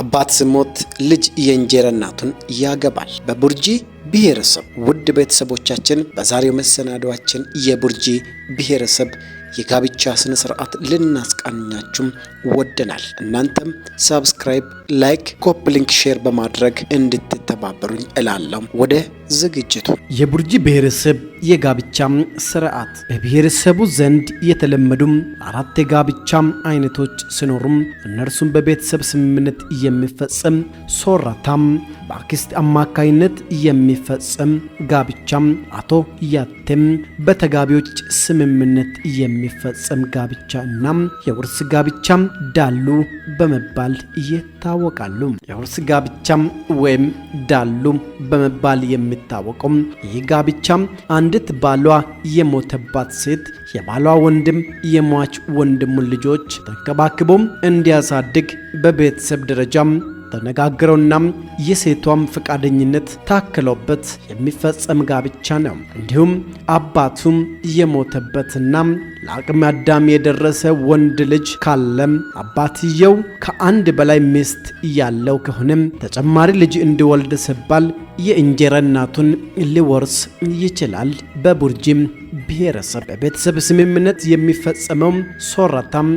አባት ስሞት ልጅ የእንጀራ እናቱን ያገባል። በቡርጂ ብሔረሰብ ውድ ቤተሰቦቻችን፣ በዛሬው መሰናዷችን የቡርጂ ብሔረሰብ የጋብቻ ስነ ስርዓት ልናስቃኛችሁም ወደናል። እናንተም ሰብስክራይብ ላይክ፣ ኮፕ ሊንክ፣ ሼር በማድረግ እንድትተባበሩኝ እላለሁ። ወደ ዝግጅቱ የቡርጂ ብሔረሰብ የጋብቻ ስርዓት በብሔረሰቡ ዘንድ የተለመዱም አራት የጋብቻ አይነቶች ሲኖሩም እነርሱም በቤተሰብ ስምምነት የሚፈጸም ሶራታም፣ በአክስት አማካይነት የሚፈጸም ጋብቻም፣ አቶ ያቴም፣ በተጋቢዎች ስምምነት የሚ የሚፈጸም ጋብቻ እና የውርስ ጋብቻም ዳሉ በመባል ይታወቃሉ። የውርስ ጋብቻም ወይም ዳሉ በመባል የሚታወቀው ይህ ጋብቻም አንዲት ባሏ የሞተባት ሴት የባሏ ወንድም የሟች ወንድሙን ልጆች ተንከባክቦም እንዲያሳድግ በቤተሰብ ደረጃም ተነጋግረውና የሴቷም ፈቃደኝነት ታክሎበት የሚፈጸም ጋብቻ ነው። እንዲሁም አባቱም እየሞተበትና ለአቅመ አዳም የደረሰ ወንድ ልጅ ካለም አባትየው ከአንድ በላይ ሚስት እያለው ከሆነም ተጨማሪ ልጅ እንዲወልድ ሲባል የእንጀራ እናቱን ሊወርስ ይችላል። በቡርጂም ብሔረሰብ በቤተሰብ ስምምነት የሚፈጸመው ሶራታም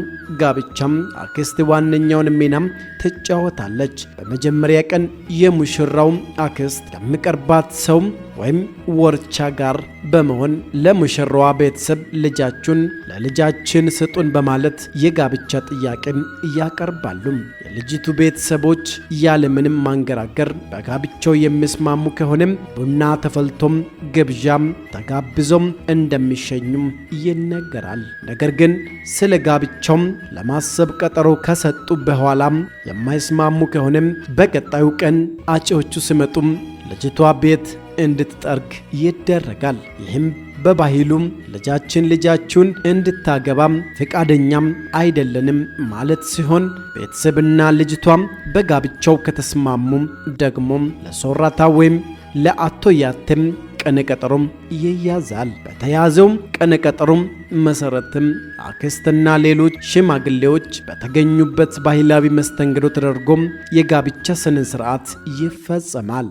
ጋብቻም አክስት ዋነኛውን ሚናም ትጫወታለች። በመጀመሪያ ቀን የሙሽራው አክስት ከሚቀርባት ሰው ወይም ወርቻ ጋር በመሆን ለሙሽራዋ ቤተሰብ ልጃችሁን ለልጃችን ስጡን በማለት የጋብቻ ጥያቄን ያቀርባሉ። የልጅቱ ቤተሰቦች ያለምንም ማንገራገር በጋብቻው የሚስማሙ ከሆነም ቡና ተፈልቶም ግብዣም ተጋብዞም እንደ እንደሚሸኙም ይነገራል። ነገር ግን ስለ ጋብቻውም ለማሰብ ቀጠሮ ከሰጡ በኋላም የማይስማሙ ከሆነም በቀጣዩ ቀን አጪዎቹ ሲመጡም ልጅቷ ቤት እንድትጠርግ ይደረጋል። ይህም በባህሉም ልጃችን ልጃችሁን እንድታገባም ፍቃደኛም አይደለንም ማለት ሲሆን ቤተሰብና ልጅቷም በጋብቻው ከተስማሙ ደግሞ ለሶራታ ወይም ለአቶ ያቴም ቀነቀጠሮም ይያዛል። በተያዘውም ቀነቀጠሮም መሰረትም አክስትና ሌሎች ሽማግሌዎች በተገኙበት ባህላዊ መስተንግዶ ተደርጎም የጋብቻ ስነ ስርዓት ይፈጸማል።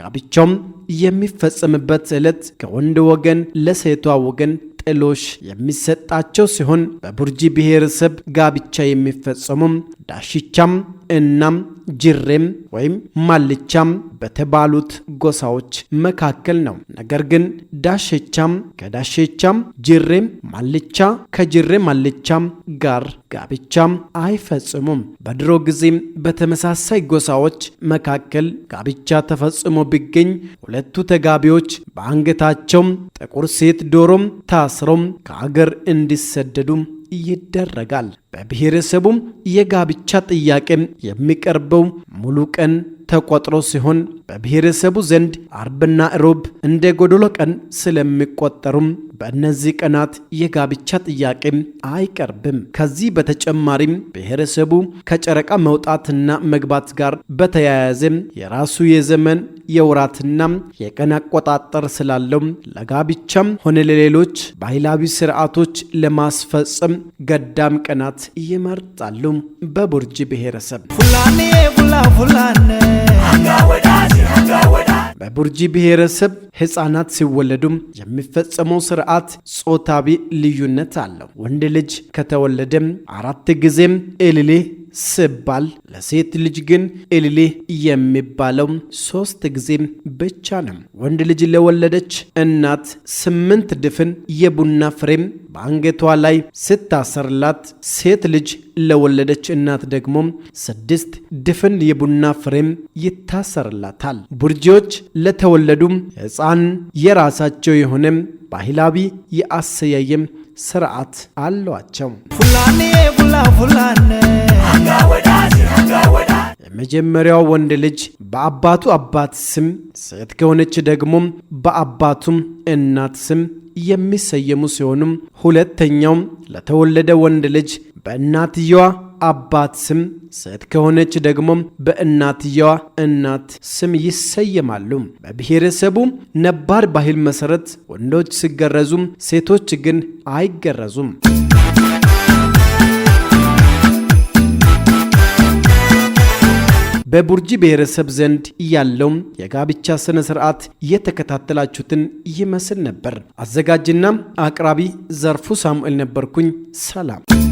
ጋብቻውም የሚፈጸምበት ዕለት ከወንድ ወገን ለሴቷ ወገን ጥሎሽ የሚሰጣቸው ሲሆን በቡርጂ ብሔረሰብ ጋብቻ የሚፈጸሙም ዳሽቻም እናም ጅሬም ወይም ማልቻም በተባሉት ጎሳዎች መካከል ነው። ነገር ግን ዳሸቻም ከዳሸቻም ጅሬም ማልቻ ከጅሬ ማልቻም ጋር ጋብቻም አይፈጽሙም። በድሮ ጊዜም በተመሳሳይ ጎሳዎች መካከል ጋብቻ ተፈጽሞ ቢገኝ ሁለቱ ተጋቢዎች በአንገታቸውም ጥቁር ሴት ዶሮም ታስሮም ከአገር እንዲሰደዱ ይደረጋል። በብሔረሰቡም የጋብቻ ጥያቄ የሚቀርበው ሙሉ ቀን ተቆጥሮ ሲሆን በብሔረሰቡ ዘንድ አርብና ሮብ እንደ ጎዶሎ ቀን ስለሚቆጠሩም በእነዚህ ቀናት የጋብቻ ጥያቄም አይቀርብም። ከዚህ በተጨማሪም ብሔረሰቡ ከጨረቃ መውጣትና መግባት ጋር በተያያዘ የራሱ የዘመን የወራትና የቀን አቆጣጠር ስላለው ለጋብቻም ሆነ ለሌሎች ባህላዊ ስርዓቶች ለማስፈጸም ገዳም ቀናት ይመርጣሉ። በቡርጂ ብሔረሰብ በቡርጂ ብሔረሰብ ሕፃናት ሲወለዱም የሚፈጸመው ስርዓት ጾታዊ ልዩነት አለው። ወንድ ልጅ ከተወለደም አራት ጊዜም እልሌ ስባል ለሴት ልጅ ግን እልሌ የሚባለው ሶስት ጊዜ ብቻ ነው። ወንድ ልጅ ለወለደች እናት ስምንት ድፍን የቡና ፍሬም በአንገቷ ላይ ስታሰርላት፣ ሴት ልጅ ለወለደች እናት ደግሞ ስድስት ድፍን የቡና ፍሬም ይታሰርላታል። ቡርጂዎች ለተወለዱ ሕፃን የራሳቸው የሆነ ባህላዊ የአሰያየም ስርዓት አሏቸው። ፉላኔ ፉላ ፉላኔ የመጀመሪያው ወንድ ልጅ በአባቱ አባት ስም፣ ሴት ከሆነች ደግሞ በአባቱም እናት ስም የሚሰየሙ ሲሆኑም ሁለተኛው ለተወለደ ወንድ ልጅ በእናትየዋ አባት ስም ሴት ከሆነች ደግሞ በእናትየዋ እናት ስም ይሰየማሉ። በብሔረሰቡ ነባር ባህል መሰረት ወንዶች ሲገረዙም ሴቶች ግን አይገረዙም። በቡርጂ ብሔረሰብ ዘንድ ያለው የጋብቻ ስነ ስርዓት እየተከታተላችሁትን ይመስል ነበር። አዘጋጅና አቅራቢ ዘርፉ ሳሙኤል ነበርኩኝ። ሰላም